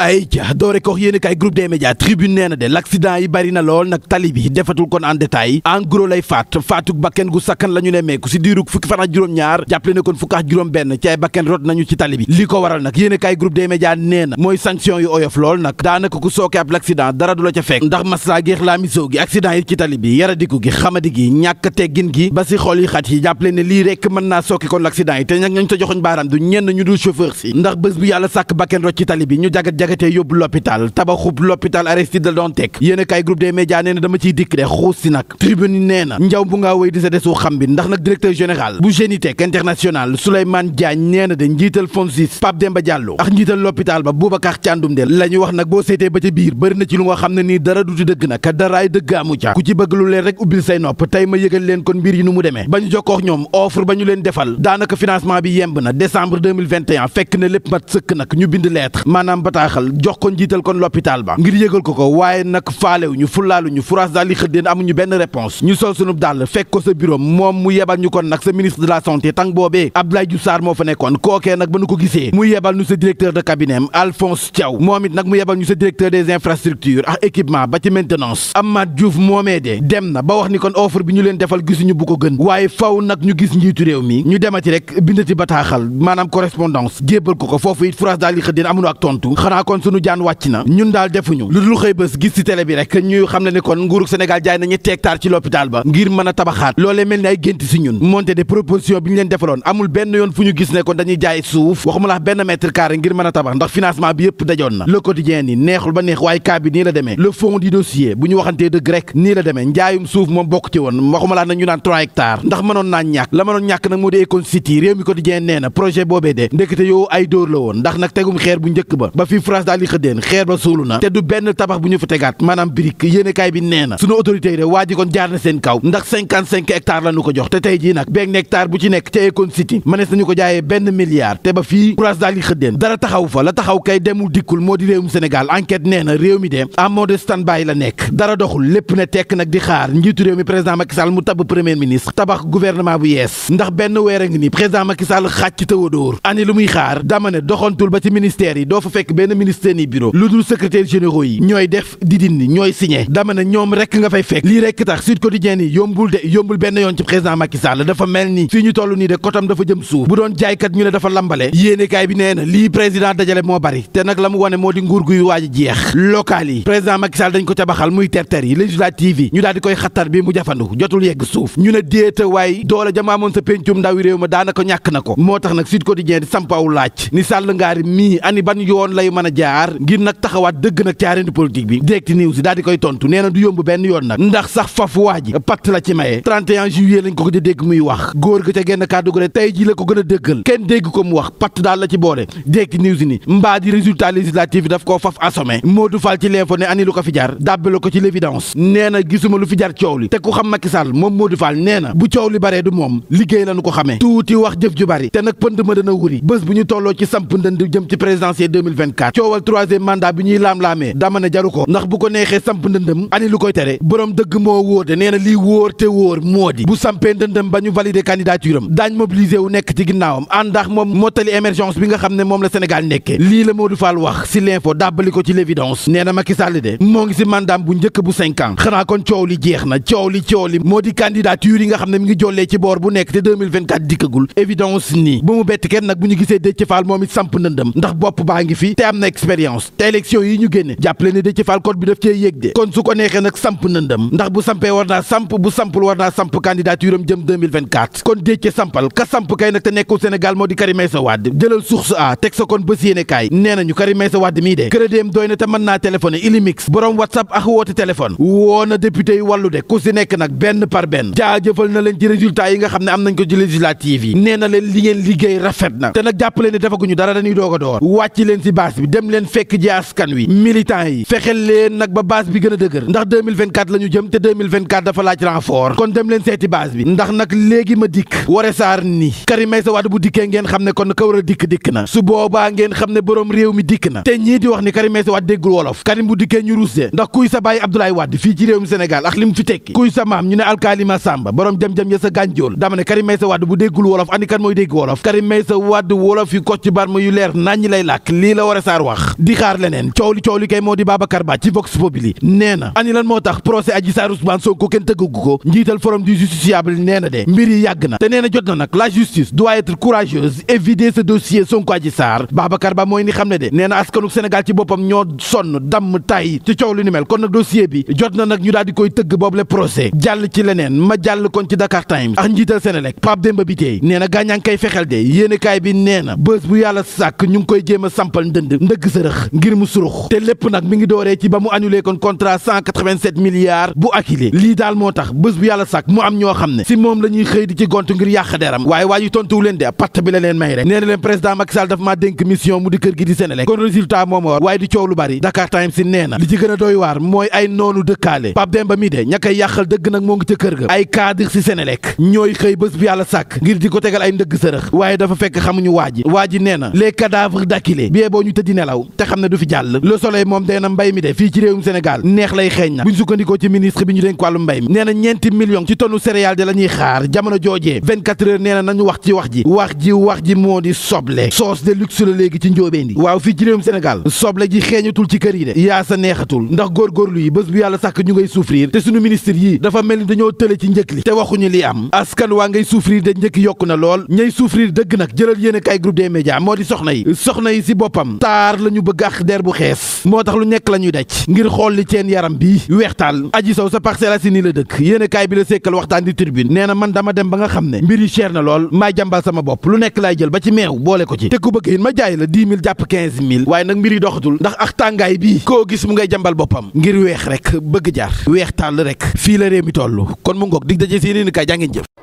ay ca doore ko kay groupe des médias tribune nee de l'accident yi bari lool nag tali bi defatul kon en détail en lay faat faatuk bakken gu sakkan la ne meeku si diiruk fukki fan juróom-ñaar jàppale ne kon fukk juróom benn ci bakken rot nañu ci tali bi li ko waral nag yéen kay groupe des médias nee mooy sanction yu oyof lool nag daanaka ku sooke ab l'accident dara du la ca fekk ndax masla geex laa misoo gi accident yi ci tali bi ndakatee yóbbu l'hôpital tabaxub l'hôpital Aristide la doon teg yéen a kaay groupe des médias nee na dama ciy dikk de xuus si nag tribune nee na njaw bu ngaa wéy di sa desu xam bi ndax nag directeur général bu Génitec international Souleymane Diagne nee na de njiital FONSIS Pape ba Diallo ak njiital l'hôpital ba Boubacar Thiandoum de la wax nag boo seetee ba ca biir bëri na ci lu nga xam ne nii dara du ci dëgg nag ka daraay dëgg amu ca ku ci bëgg lu leer rek say nopp tey ma leen kon mbir yi nu mu demee ba ñu jokkoo ak ñoom offre ba ñu daanaka financement bi yemb na décembre 2021 fekk na lépp mat sëkk nag ñu bind lettre maanaam jaaxal jox ko njiital kon l'hôpital ba ngir yëgal ko ko waaye nag faalew ñu fulaalu ñu furaas daal di xëddeen amuñu benn réponse ñu sol sunub dàll fekk ko sa bureau moom mu yebal ñu kon nag sa ministre de la santé tang boobee Abdoulaye Diouf Sarr moo fa nekkoon kookee nag ba nu ko gisee mu yebal ñu sa directeur de cabinet Alphonse Thiaw moom it nag mu yebal ñu sa directeur des infrastructures ak équipement ba ci maintenance Amath Diouf moomee de dem na ba wax n kon ñu leen defal gisuñu bu ko gën waaye faw nag ñu gis njiitu réew mi ñu demati rek bindati bataaxal maanaam correspondance jébbal ko foofu it furaas tontu kon sunu jaan wàcc na ñun daal defuñu lu dul xëy bés gis ci télé bi rek xam ne ne kon nguurug Sénégal jaay na ñetti hectare ci l'hôpital ba ngir mën a tabaxaat mel ni ay si ñun moonte de proposition bi ñu leen defaloon amul benn yoon fu ñu gis ne kon dañuy jaay suuf waxuma la benn mètre carré ngir mën a tabax ndax financement bi yëpp dajoon na le quotidien ni neexul ba neex waaye cas bi nii la demee le fond du dossier bu ñu waxantee rek nii la demee njaayum suuf moom bokk ci woon waxuma laa na ñu naan 3 hectares ndax mënoon naa ñàkk la mënoon ñàkk nag moo di Econ City réew mi quotidien nee na projet boobee de ndekete yow ay dóor la woon ndax nag tegum xeer bu njëkk ba ba fi France daal di xëddeen xeer ba suulu na te du benn tabax bu ñu fa tegaat maanaam brique yéenekaay bi nee na suñu autorités yi de waa ji jaar na seen kaw ndax cinquante cinq la ñu ko jox te tey jii nag benn hectare bu ci nekk ca Akon City mënees nañu ko jaayee benn milliard te ba fii France daal di dara taxaw fa la taxaw kay demul dikkul moo di réewum Sénégal enquête nee na réew mi de en mode stand-by la nekk dara doxul lépp ne tekk nag di xaar njiitu réew mi président Macky Sall mu tabb premier ministre tabax gouvernement bu yees ndax benn weer a ngi ni président Macky Sall xàcc tëwadóor ani lu muy xaar dama ne doxantul ba ci ministère yi ministre seeni bureau lu dul secrétaire généraux yi ñooy def di dindi ñooy signé dama ne ñoom rek nga fay fekk lii rek tax Sud Quotidien yi yombul de yombul benn yoon ci président Macky Sall dafa mel ni fii ñu toll nii de kotam dafa jëm suuf bu doon jaaykat ñu ne dafa lambale yéenekaay bi nee na lii président dajale moo bari te nag la mu wone moo di nguur guy waaj jeex local yi président Macky Sall dañ ko tabaxal muy terter yi législative yi ñu daal na ko moo tax nag Sud a jaar ngir nag taxawaat dëgg nag caarendi politique bi direct news daal di koy tontu nee du yomb benn yoon nag ndax sax fafu waa ji patt la ci maye 31 juillet lañ ko ko dégg muy wax góor ga ca genn kàddu tey ji la ko gën a kenn dégg ko mu wax patt daal la ci boole direct news ni mbaa di résultat législatif daf koo faf assommé Modou Fall ci l'info ne ani lu ko fi jaar dàbbale ko ci l'évidence nee gisuma lu fi jaar coow li te ku xam coowal troisième mandat bi ñuy laam-laamee dama ne jaru ko ndax bu ko neexee samp ndëndëm ani lu koy tere borom dëgg moo wóote nee na lii wóor te wóor moo di bu sampee ndëndëm ba ñu valider candidature daañ mobiliser wu nekk ci ginnaawam ndax moom mottali émergence bi nga xam ne moom la Sénégal nekkee lii la Modou Fall wax si l'info dàbbali ko ci l'évidence nee na Macky Sall de moo ngi si mandaam bu njëkk bu cinq ans xanaa kon coow li jeex na moo di candidature yi nga xam ne mi ngi jollee ci boor bu nekk te 2024 dikkagul évidence nii bu mu bett bu ñu gisee moom it samp ndëndëm ndax bopp expérience te élection yi ñu génne jàppale ne Déthié Fall bi daf cee yéeg de kon su ko neexee nag samp nëndam ndax bu sampee war samp bu sampul war samp candidature am jëm 2024 kon Déthié sampal ka samp kay nag te nekkul Sénégal moo di Karim Meïssa Wade jëlal source a teg sa kon bés yéene kaay nee nañu Karim Meïssa Wade mii de crédit doy na te mën naa téléphoné ilimix borom whatsapp ak woote téléphone woo na député yi wàllu de ku si nekk nag na leen ci résultat yi nga xam ne am nañ ko ci législative yi nee na leen li ngeen liggéey rafet na te nag jàppale ne dafaguñu dara dañuy doog a door dem leen fekk ji askan wi militant yi fexeel leen nag ba base bi gën a dëgër ndax 2024 jëm te dafa laaj renfort kon dem seeti base bi ndax nag léegi ma dikk ware ni Karim Meïssa Wade bu dikkee ngeen xam ne kon ka dikk dikk na su boobaa ngeen xam ne boroom réew mi dikk na te ñii di wax ni Karim Meïssa Wade déggul wolof Karim bu dikkee ñu ruusee ndax kuy sa baay Abdoulaye Wade fii ci réew mi Sénégal ak lim fi tekki kuy sa maam ñu ne alkaalima Sarr wax di xaar leneen coow li coow li kay moo di Babacar Ba ci Vox Populi nee na ani moo tax procès Adji Sarr Ousmane Sonko kenn tëggagu ko njiital forum du justiciable nee de mbir yàgg na te nee jot na nag la justice doit être courageuse et vider ce dossier Sonko Adji Sarr Babacar Ba mooy ni xam ne de nee na askanu ci boppam ñoo sonn damm tay ci coow lu ni kon nag dossier bi jot na nag ñu daal di koy tëgg boobu le procès jàll ci leneen ma jàll kon ci Dakar Times ak njiital Sénélec koy fexel de yéene ndëgg sërëx ngir mu surux te lépp nag mi ngi dooree ci ba mu annulé kon contrat 187 bu Akilee lii daal moo tax bés bu yàlla sàkk mu am ñoo xam ne si moom la xëy di ci gont ngir yàq waaye waa ji tontuwu leen de patt bi la leen may rek nee président Macky dafa maa dénk mission mu di kër gi di Senelec kon résultat moom war waaye di coow lu bari Dakar Times si nee li ci gën doy waar mooy ay noonu dëkkaale Pape Demba mi de ña ko nelaw te xam ne du fi jàll le soleil moom dee na mbay mi de fii ci réewum Sénégal neex lay xeeñ na buñ sukkandikoo ci ministre bi ñu dénk wàllu mbay mi nee na ñeenti millions ci tonnu céréales de la ñuy xaar jamono joojee 24 heures nee na nañu wax ci wax ji wax ji wax ji moo di soble sauce de luxe la léegi ci njóobeendi waaw fii ci réewum Sénégal soble ji xeeñatul ci kër yi de yaa sa neexatul ndax góorgóorlu yi bés bu yàlla sàkk ñu ngay souffrir te suñu ministre yi dafa mel ni dañoo tële ci njëkk li te waxuñu li am askan waa ngay souffrir de njëkk na lool ñay souffrir dëgg nag jëlal yéen a kay groupe des moo di soxna yi soxna si boppam milliards la ñu bëgg ak der bu xees moo tax lu nekk la ñuy daj ngir xool li seen yaram bi weextaal aji sow sa Parcelles Assainies la dëkk yéen kaay bi la sekkal waxtaan di tribune nee na man dama dem ba nga xam ne mbir yi cher na lool maay jàmbal sama bopp lu nekk laay jël ba ci meew boole ko ci te ku bëgg it ma jaay la dix mille jàpp quinze mille waaye nag mbir yi doxatul ndax ak tàngaay bii koo gis mu ngay jàmbal boppam ngir weex rek bëgg jaar weex tàll rek fii la réew mi toll kon mu ngoog dig daje si yéen kaay jàngeen jëf